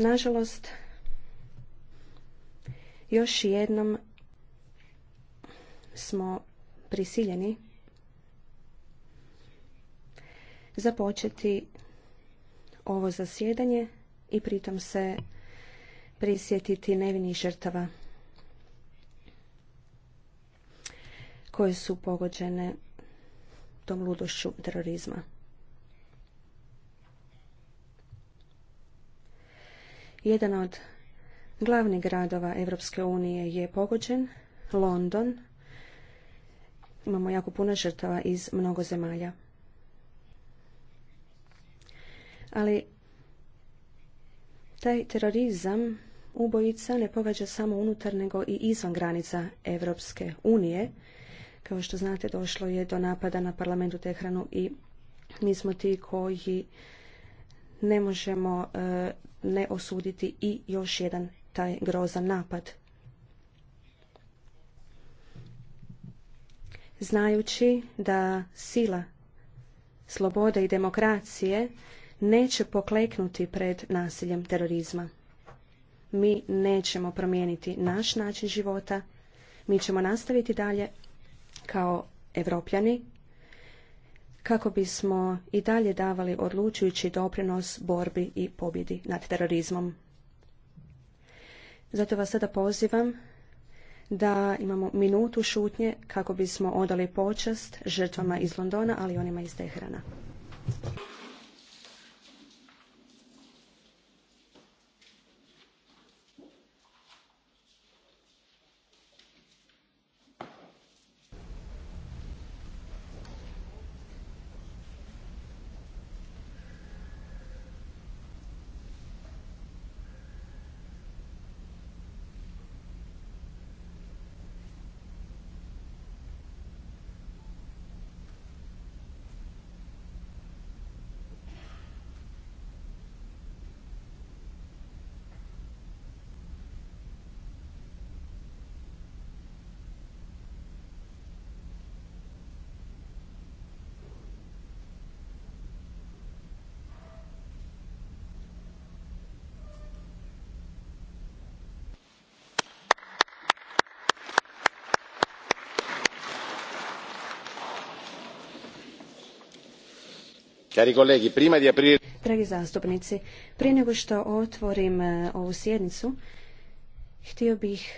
Nažalost, još jednom smo prisiljeni započeti ovo zasjedanje i pritom se prisjetiti nevinih žrtava koje su pogođene tom ludošću terorizma. Jedan od glavnih gradova Europske unije je pogođen, London. Imamo jako puno žrtava iz mnogo zemalja. Ali taj terorizam ubojica ne pogađa samo unutar nego i izvan granica Europske unije. Kao što znate, došlo je do napada na parlamentu Tehranu i mi smo ti koji ne možemo e, ne osuditi i još jedan taj grozan napad. Znajući da sila slobode i demokracije neće pokleknuti pred nasiljem terorizma. Mi nećemo promijeniti naš način života, mi ćemo nastaviti dalje kao evropljani kako bismo i dalje davali odlučujući doprinos borbi i pobjedi nad terorizmom. Zato vas sada pozivam da imamo minutu šutnje kako bismo odali počast žrtvama iz Londona, ali i onima iz Tehrana. Dragi zastupnici, prije nego što otvorim eh, ovu sjednicu, htio bih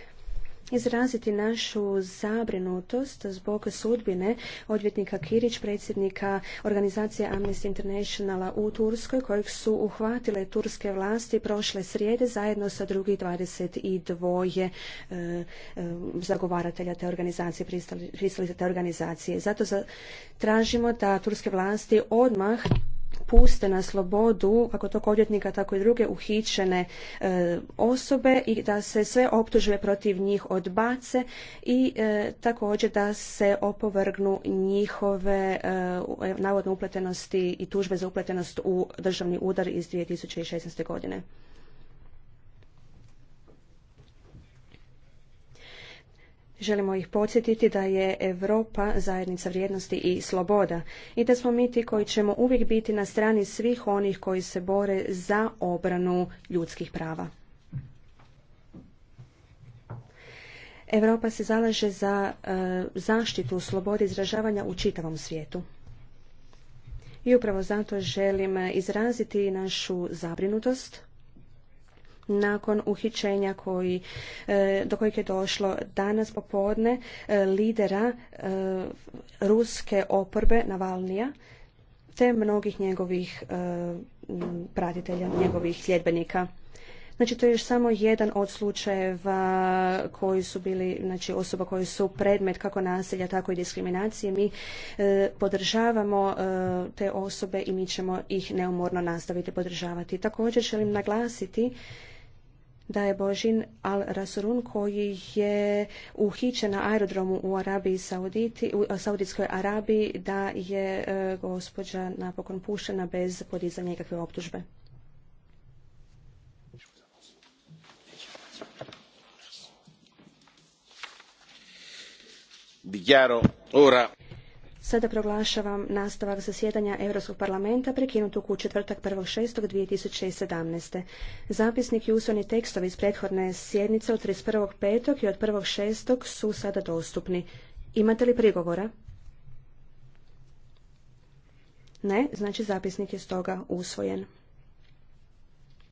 izraziti našu zabrinutost zbog sudbine odvjetnika Kirić, predsjednika organizacije Amnesty Internationala u Turskoj, kojeg su uhvatile turske vlasti prošle srijede zajedno sa drugih 22 e, e, zagovaratelja te organizacije, za te organizacije. Zato tražimo da turske vlasti odmah puste na slobodu, kako tog odvjetnika, tako i druge uhićene e, osobe i da se sve optužbe protiv njih odbace i e, također da se opovrgnu njihove e, navodne upletenosti i tužbe za upletenost u državni udar iz 2016. godine. Želimo ih podsjetiti da je Europa zajednica vrijednosti i sloboda i da smo mi ti koji ćemo uvijek biti na strani svih onih koji se bore za obranu ljudskih prava. Europa se zalaže za e, zaštitu slobode izražavanja u čitavom svijetu. I upravo zato želim izraziti našu zabrinutost nakon uhićenja koji, e, do kojeg je došlo danas popodne e, lidera e, ruske oporbe Navalnija te mnogih njegovih pratitelja, njegovih sljedbenika. Znači to je još samo jedan od slučajeva koji su bili, znači osoba koji su predmet kako nasilja, tako i diskriminacije. Mi e, podržavamo te osobe i mi ćemo ih neumorno nastaviti podržavati. Također želim naglasiti da je Božin Al-Rasurun koji je uhićen na aerodromu u Arabiji Sauditi, u Saudijskoj Arabiji da je e, gospođa napokon puštena bez podizanja nikakve optužbe. Dichiaro ora Sada proglašavam nastavak zasjedanja Europskog parlamenta prekinutog u četvrtak 1.6.2017. Zapisnik i usvojeni tekstovi iz prethodne sjednice od 31.5. i od 1.6. su sada dostupni. Imate li prigovora? Ne, znači zapisnik je stoga usvojen.